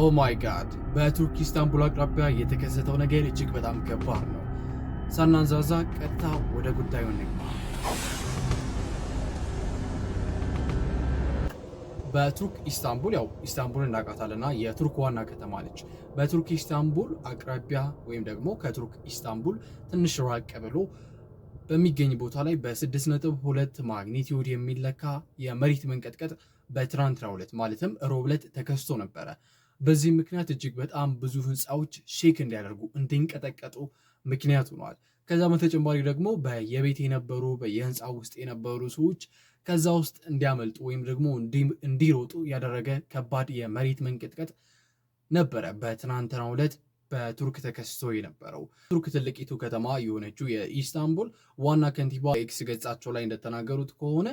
ኦ oh ማይ ጋድ! በቱርክ ኢስታንቡል አቅራቢያ የተከሰተው ነገር እጅግ በጣም ከባድ ነው። ሳናንዛዛ ቀጥታ ወደ ጉዳዩ እንግባ። በቱርክ ኢስታንቡል ያው ኢስታንቡል እናውቃታለና የቱርክ ዋና ከተማ ነች። በቱርክ ኢስታንቡል አቅራቢያ ወይም ደግሞ ከቱርክ ኢስታንቡል ትንሽ ራቅ ብሎ በሚገኝ ቦታ ላይ በ6.2 ማግኒቲዩድ የሚለካ የመሬት መንቀጥቀጥ በትናንትናው ዕለት ማለትም ሮብ ዕለት ተከስቶ ነበረ። በዚህ ምክንያት እጅግ በጣም ብዙ ህንፃዎች ሼክ እንዲያደርጉ እንዲንቀጠቀጡ ምክንያት ሆኗል። ከዛ በተጨማሪ ደግሞ በየቤት የነበሩ በየህንፃ ውስጥ የነበሩ ሰዎች ከዛ ውስጥ እንዲያመልጡ ወይም ደግሞ እንዲሮጡ ያደረገ ከባድ የመሬት መንቀጥቀጥ ነበረ በትናንትናው ዕለት በቱርክ ተከስቶ የነበረው። ቱርክ ትልቂቱ ከተማ የሆነችው የኢስታንቡል ዋና ከንቲባ ኤክስ ገጻቸው ላይ እንደተናገሩት ከሆነ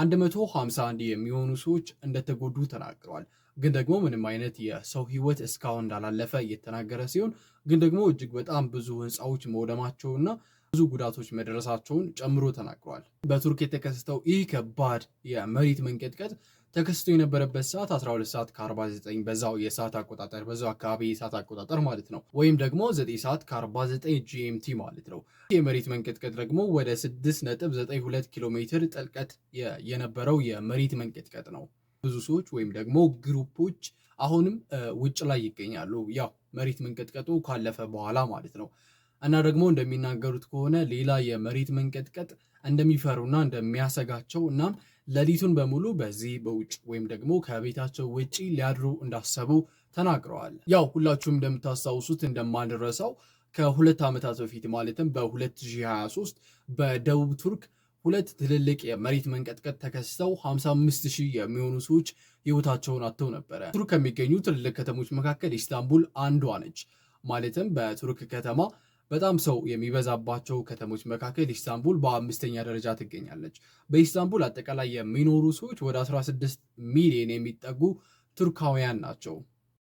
151 የሚሆኑ ሰዎች እንደተጎዱ ተናግረዋል። ግን ደግሞ ምንም አይነት የሰው ህይወት እስካሁን እንዳላለፈ እየተናገረ ሲሆን ግን ደግሞ እጅግ በጣም ብዙ ህንፃዎች መውደማቸውና ብዙ ጉዳቶች መድረሳቸውን ጨምሮ ተናግረዋል። በቱርክ የተከሰተው ይህ ከባድ የመሬት መንቀጥቀጥ ተከስቶ የነበረበት ሰዓት 12 ሰዓት ከ49 በዛው የሰዓት አቆጣጠር በዛው አካባቢ የሰዓት አቆጣጠር ማለት ነው፣ ወይም ደግሞ 9 ሰዓት ከ49 ጂኤምቲ ማለት ነው። የመሬት መንቀጥቀጥ ደግሞ ወደ 6.92 ኪሎ ሜትር ጥልቀት የነበረው የመሬት መንቀጥቀጥ ነው። ብዙ ሰዎች ወይም ደግሞ ግሩፖች አሁንም ውጭ ላይ ይገኛሉ። ያው መሬት መንቀጥቀጡ ካለፈ በኋላ ማለት ነው። እና ደግሞ እንደሚናገሩት ከሆነ ሌላ የመሬት መንቀጥቀጥ እንደሚፈሩና እንደሚያሰጋቸው እናም ሌሊቱን በሙሉ በዚህ በውጭ ወይም ደግሞ ከቤታቸው ውጪ ሊያድሩ እንዳሰቡ ተናግረዋል። ያው ሁላችሁም እንደምታስታውሱት እንደማንረሳው ከሁለት ዓመታት በፊት ማለትም በ2023 በደቡብ ቱርክ ሁለት ትልልቅ የመሬት መንቀጥቀጥ ተከስተው 55 ሺህ የሚሆኑ ሰዎች ህይወታቸውን አጥተው ነበረ። ቱርክ ከሚገኙ ትልልቅ ከተሞች መካከል ኢስታንቡል አንዷ ነች። ማለትም በቱርክ ከተማ በጣም ሰው የሚበዛባቸው ከተሞች መካከል ኢስታንቡል በአምስተኛ ደረጃ ትገኛለች። በኢስታንቡል አጠቃላይ የሚኖሩ ሰዎች ወደ 16 ሚሊዮን የሚጠጉ ቱርካውያን ናቸው።